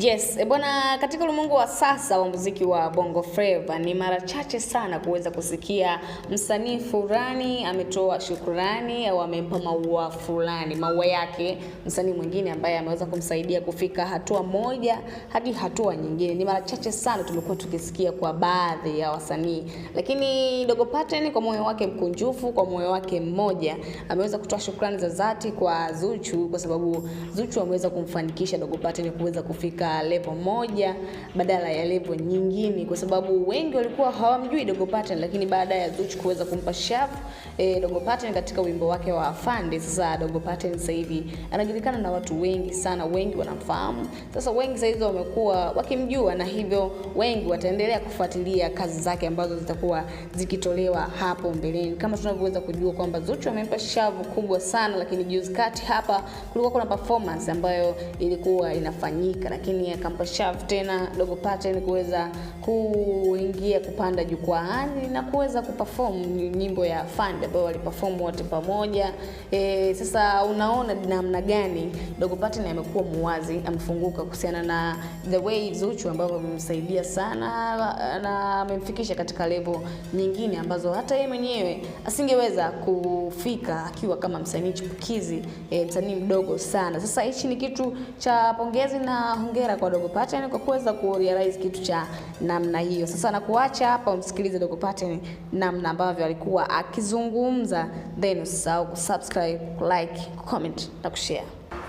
Yes, eh, bwana, katika ulimwengu wa sasa wa muziki wa Bongo Flava ni mara chache sana kuweza kusikia msanii fulani ametoa shukrani au amempa maua fulani maua yake msanii mwingine ambaye ameweza kumsaidia kufika hatua moja hadi hatua nyingine. Ni mara chache sana tumekuwa tukisikia kwa baadhi ya wasanii, lakini Dogo Paten kwa moyo wake mkunjufu, kwa moyo wake mmoja, ameweza kutoa shukrani za dhati kwa Zuchu, kwa sababu Zuchu ameweza kumfanikisha Dogo Paten kuweza kufika za level moja badala ya level nyingine, kwa sababu wengi walikuwa hawamjui Dogo Pattern, lakini baada ya Zuchu kuweza kumpa shavu e, Dogo Pattern katika wimbo wake wa Afande. Sasa Dogo Pattern sasa hivi anajulikana na watu wengi sana, wengi wanamfahamu. Sasa wengi saizi wamekuwa wakimjua, na hivyo wengi wataendelea kufuatilia kazi zake ambazo zitakuwa zikitolewa hapo mbeleni, kama tunavyoweza kujua kwamba Zuchu amempa shavu kubwa sana, lakini juzi kati hapa kulikuwa kuna performance ambayo ilikuwa inafanyika lakini chini ya Kampashavu tena Dogo Paten kuweza kuingia kupanda jukwaani na kuweza kuperform nyimbo ya fund ambayo waliperform wote pamoja. E, sasa unaona namna gani Dogo Paten amekuwa muwazi, amefunguka kuhusiana na the way Zuchu ambayo amemsaidia sana na amemfikisha katika level nyingine ambazo hata yeye mwenyewe asingeweza kufika akiwa kama msanii chipukizi, e, msanii mdogo sana. Sasa hichi ni kitu cha pongezi na hongezi hongera kwa Dogo Pattern kwa kuweza kurealize kitu cha namna hiyo. Sasa nakuacha hapa umsikilize Dogo Pattern namna ambavyo alikuwa akizungumza, then usisahau kusubscribe, like, comment na kushare.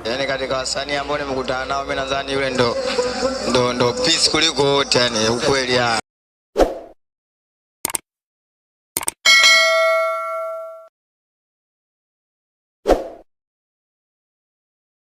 Yaani katika wasanii ambao nimekutana nao mimi nadhani yule ndo ndo ndo peace kuliko wote, yaani yani ukweli.